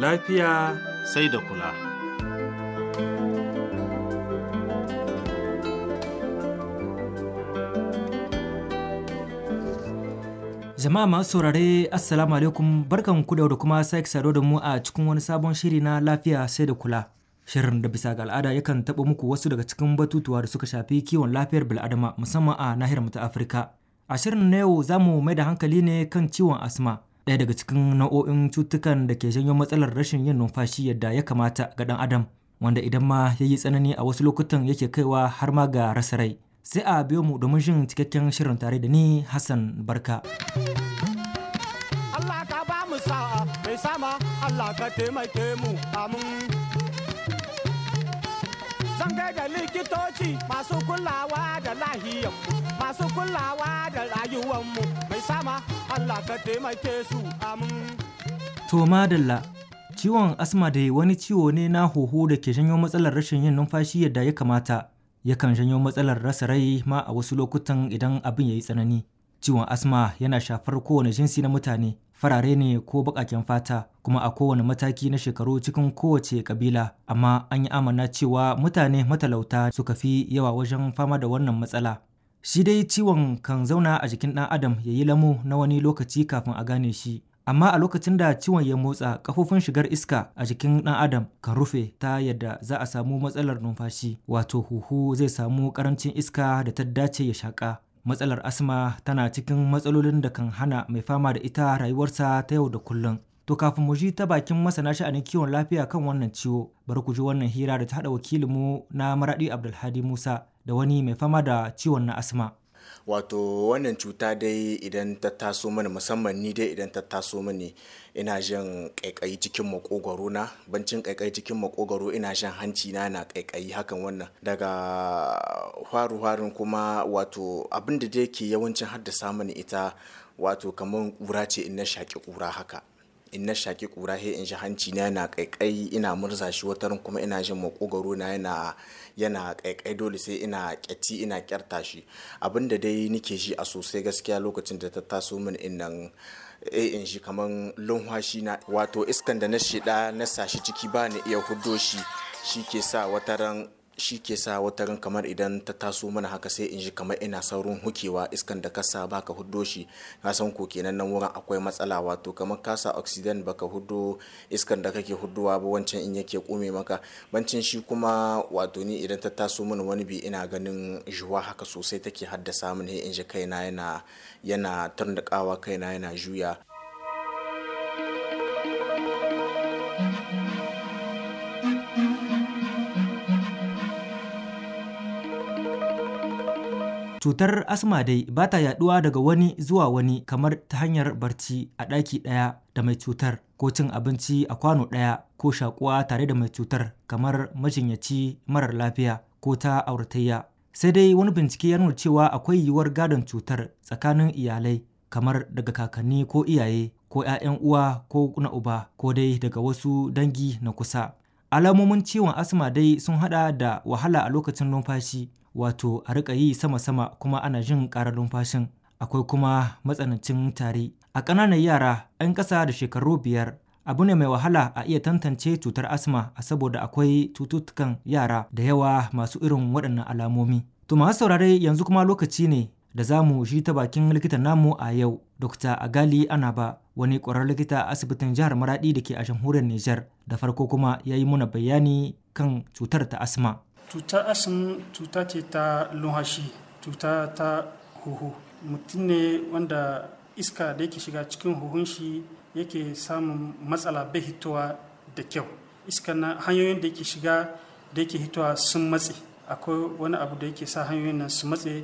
lafiya sai da kula. Jama'a masu saurare Assalamu alaikum barkan ku da kuma sake saro da mu a cikin wani sabon shiri na lafiya sai da kula. Shirin da bisa ga al'ada yakan taɓa muku wasu daga cikin batutuwa da suka shafi kiwon lafiyar bil'adama musamman a nahiyar mu ta Afirka. A shirin na yau za mu mai da hankali ne kan ciwon asma. ɗaya daga cikin nau'o'in cutukan da ke janyo matsalar rashin yin numfashi yadda ya kamata ga ɗan adam wanda idan ma ya yi tsanani a wasu lokutan yake kaiwa har ma ga rasa rai sai a biyo mu domin jin cikakken shirin tare da ni hassan barka Allah ka ba mu sa'a mai sama Allah ka taimake mu amin Zan da likitoci masu kulawa da lahiyan masu kulawa da mu mai sama Allah ka taimake su amin. To madalla, ciwon asma da wani ciwo ne na huhu da ke janyo matsalar rashin yin numfashi yadda ya kamata, yakan janyo matsalar rasa rai ma a wasu lokutan idan abin ya yi tsanani. Ciwon asma yana shafar kowane jinsi na mutane, farare ne ko baƙaƙen fata, kuma a kowane mataki na shekaru cikin kowace kabila, amma an yi amana cewa mutane matalauta suka fi yawa wajen fama da wannan matsala. Shi dai ciwon kan zauna a jikin ɗan adam ya yi lamu na wani lokaci kafin a gane shi. amma a lokacin da ciwon ya motsa kafofin shigar iska a jikin ɗan adam kan rufe ta yadda za a samu matsalar numfashi wato huhu zai samu karancin iska da ta dace ya shaƙa matsalar asma tana cikin matsalolin da kan hana mai fama da ita rayuwarsa ta yau da kullum to kafin mu ji ta bakin masana sha'anin kiwon lafiya kan wannan ciwo bari ku ji wannan hira da ta haɗa wakilinmu na maraɗi abdulhadi musa da wani mai fama da ciwon na asma wato wannan cuta dai idan ta taso mani musamman ni dai idan ta taso mani ina jin kaikayi cikin makogwaro na bancin kaikayi cikin makogwaro ina jin hanci na na kaikayi hakan wannan daga faru harin kuma wato abinda da ke yawancin haddasa mani ita wato kamar kura ce in na shaƙi kura haka in na shaki kura he in shi hanci na yana kaikai ina murza shi watarin kuma ina jin makogaro na yana yana kaikai dole sai ina kyati ina kyarta shi abinda dai nike shi a sosai gaskiya lokacin da ta taso min innan e in shi kaman lunwashi na wato iskan da na shida na sashi ciki ba ni iya hudo shi shi ke sa wataran shi ke sa wata ran kamar idan ta taso mana haka sai in ji kamar ina saurin hukewa iskan da ka sa baka huddo shi na san ko kenan nan wurin akwai matsala wato kamar kasa sa oxygen baka huddo iskan da kake hudduwa ba wancan in yake kume maka bancin shi kuma wato ni idan ta taso mana wani bi ina ganin juwa haka sosai take haddasa he in ji kaina yana yana turndakawa kaina yana juya Cutar asma dai ba ta yaduwa daga wani zuwa wani kamar ta hanyar barci a ɗaki ɗaya da mai cutar ko cin abinci a kwano ɗaya ko shakuwa tare da mai cutar kamar majinyaci marar lafiya ko ta auratayya. Sai dai wani bincike ya nuna cewa akwai yiwuwar gadon cutar tsakanin iyalai kamar daga kakanni ko iyaye ko 'ya'yan uwa ko na uba ko dai daga wasu dangi na kusa. Alamomin ciwon asma dai sun hada da wahala a lokacin numfashi wato a rika yi sama-sama kuma ana jin ƙarar numfashin akwai kuma matsanancin tari a ƙananan yara 'yan ƙasa da shekaru biyar abu ne mai wahala a iya tantance cutar asma a saboda akwai cututtukan yara da yawa masu irin waɗannan alamomi to masu saurare yanzu kuma lokaci ne da za mu shi ta bakin likitan namu a yau dr agali anaba wani ƙwarar likita a asibitin jihar maradi da ke a jamhuriyar niger da farko kuma ya yi muna bayani kan cutar ta asma tuta asin tuta ce ta lunhashi tuta ta huhu mutum ne wanda iska da yake shiga cikin huhun shi yake samun matsala bai hitowa da kyau iska na hanyoyin da yake shiga da yake hitowa sun matse akwai wani abu da yake sa hanyoyin nan su matse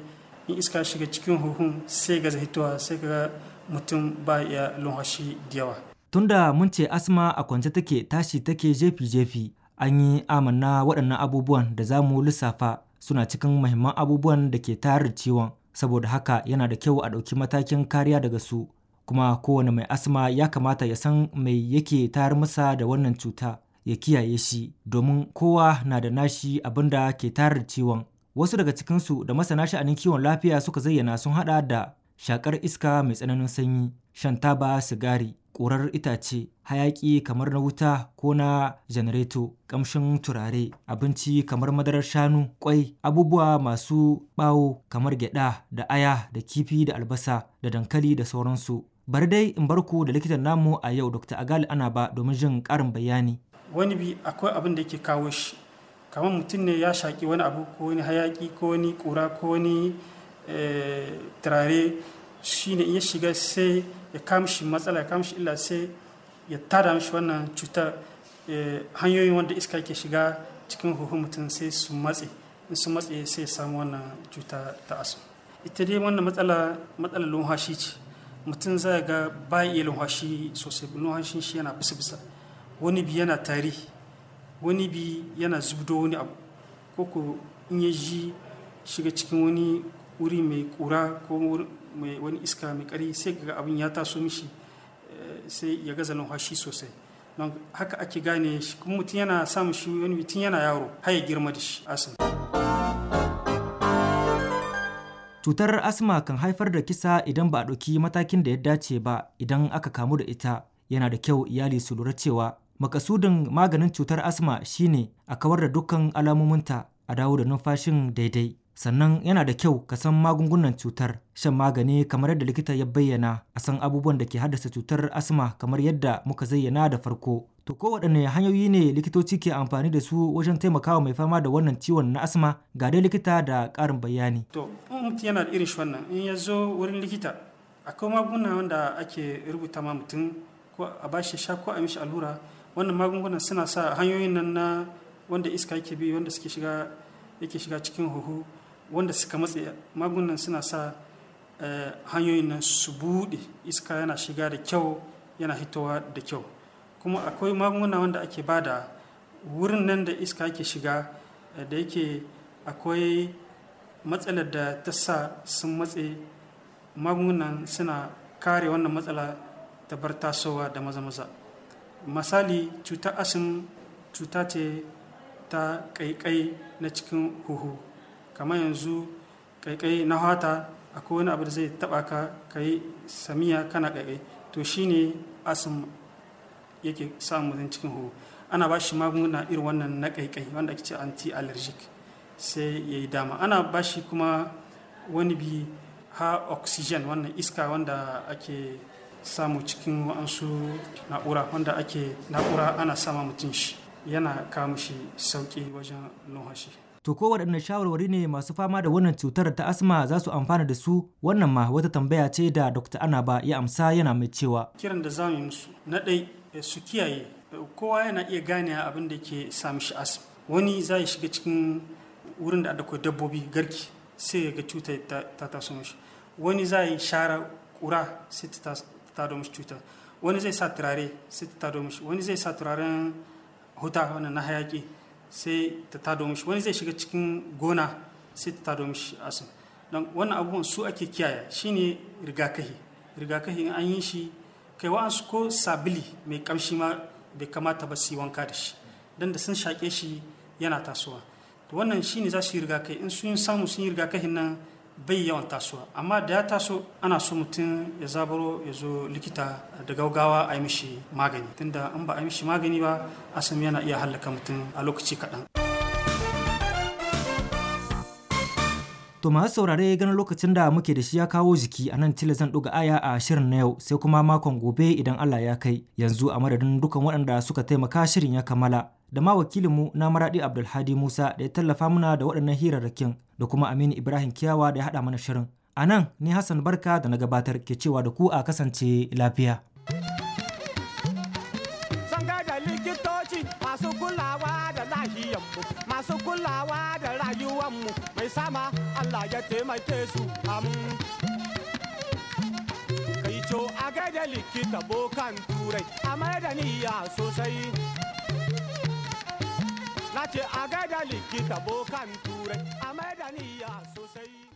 in iska shiga cikin huhun sai gaza hitowa sai ga mutum ba iya lunhashi da yawa tunda mun ce asma a kwance take tashi take jefi jefi an yi amanna waɗannan abubuwan da za mu lissafa suna cikin mahimman abubuwan da ke tarar ciwon saboda haka yana da kyau a ɗauki matakin kariya daga su kuma kowane mai asma ya kamata ya san mai yake tayar masa da wannan cuta ya kiyaye shi domin kowa na da nashi abin da ke tarar ciwon wasu daga cikinsu da masana sha'anin kiwon lafiya suka zayyana sun haɗa da shakar iska mai tsananin sanyi shan taba sigari ƙurar itace hayaƙi kamar na wuta ko na janareto ƙamshin turare abinci kamar madarar shanu ƙwai abubuwa masu ɓawo kamar gyaɗa da aya da kifi da albasa da dankali da sauransu bari dai in bar ku da likitan namu a yau dr ana ba domin jin ƙarin bayani wani bi akwai abin da yake kawo shi kamar mutum ne ya shaƙi wani abu ko wani hayaƙi ko wani ƙura ko wani eh, turare shi in ya shiga sai ya kamshi matsala ya kamshi illa sai ya tada mashi wannan cutar hanyoyin wanda iska ke shiga cikin huhun mutum sai su matse in su matse sai ya samu wannan cuta ta asu ita dai wannan matsala matsalar lumhashi ce mutum za ga baya iya lumhashi sosai lumhashin shi yana bisa-bisa wani bi yana tari wani bi yana zubdo wani abu ko ko in ya ji shiga cikin wani wuri mai kura ko mai wani iska mai kari sai ga abin ya taso mishi eh, sai ya gaza numfashi sosai don haka ake gane shi kuma mutum yana samun shi wani mutum yana yaro har ya girma da shi asma cutar asma kan haifar da kisa idan ba a ɗauki matakin da ya dace ba idan aka kamu da ita yana da kyau iyali su lura cewa makasudin maganin cutar asma shine a kawar da dukkan alamominta a dawo da numfashin daidai sannan yana da kyau ka san magungunan cutar shan magani kamar yadda likita ya bayyana a san abubuwan da ke haddasa cutar asma kamar yadda muka zayyana da farko to kowaɗanne hanyoyi ne likitoci ke amfani da su wajen taimakawa mai fama da wannan ciwon na asma ga dai likita da ƙarin bayani to in mutum yana da irin shi wannan in ya zo wurin likita akwai magunguna wanda ake rubuta ma mutum ko a bashi sha ko a mishi allura wannan magungunan suna sa hanyoyin nan na wanda iska yake bi wanda suke shiga yake shiga cikin huhu wanda suka matse magunan suna sa eh, hanyoyin nan su buɗe iska yana shiga da kyau yana hitowa da kyau kuma akwai magunguna wanda ake bada wurin nan da iska yake shiga eh, da yake akwai matsalar da ta sa sun matse magungunan suna kare wannan matsala ta bar tasowa da maza-maza misali cuta asin cuta ce ta ƙaiƙai na cikin huhu kamar yanzu kaikai na hata akwai wani abu da zai taba ka kai samiya kana kaikai to shine asim yake samu mutum cikin huhu ana ba shi magunguna irin wannan na kaikai wanda ake ce anti allergic sai ya yi dama ana ba shi kuma wani bi ha oxygen wannan iska wanda ake samu cikin wa'ansu na'ura wanda ake na'ura ana sama mutum shi yana kamushi sauki wajen numfashi. To ko waɗanne shawarwari ne masu fama da wannan cutar ta asma za su amfana da su wannan ma wata tambaya ce da Dr. Anaba ya amsa yana mai cewa. Kiran da zamu yi musu na ɗai eh, su kiyaye eh, kowa yana iya gane abin da ke sami shi asma. Wani za ya shiga cikin wurin da akwai dabbobi garki sai ya ga cuta ta taso mishi. Wani za ya shara ƙura sai ta tado mishi cutar. Wani zai sa turare sai ta tado mishi. Wani zai sa turaren huta na hayaki. sai ta tado mishi wani zai shiga cikin gona sai ta tado mishi asin don wannan abubuwan su ake kiyaye shine rigakahi rigakahi in an yi shi kai wa'ansu ko sabili mai kamshi ma bai kamata ba su yi wanka da shi don da sun shaƙe shi yana tasowa to wannan shine za su yi rigakahi in sun samu sun yi rigakahin nan bai yawan tasowa amma da ya taso ana so mutum ya zabaro ya zo likita da gaugawa a yi mishi magani tunda an ba a yi mishi magani ba asam yana iya hallaka mutum a lokaci kaɗan. To masu saurare ganin lokacin da muke da shi ya kawo jiki a nan cile zan ɗuga aya a shirin na yau sai kuma makon gobe idan Allah ya kai yanzu a madadin dukan waɗanda suka taimaka shirin ya kammala da ma wakilinmu na maraɗi Abdulhadi Musa da ya tallafa muna da waɗannan hirarrakin da kuma Aminu Ibrahim Kiyawa da ya haɗa mana shirin. A nan ni Hassan Barka da na gabatar ke cewa da ku a kasance lafiya. masu kulawa da lahiyanmu masu kulawa da rayuwanmu mai sama Allah ya taimake su amin kai co a gaida likita bokan turai a mai da niyya sosai na ce a gaida likita bokan turai a maida niyya sosai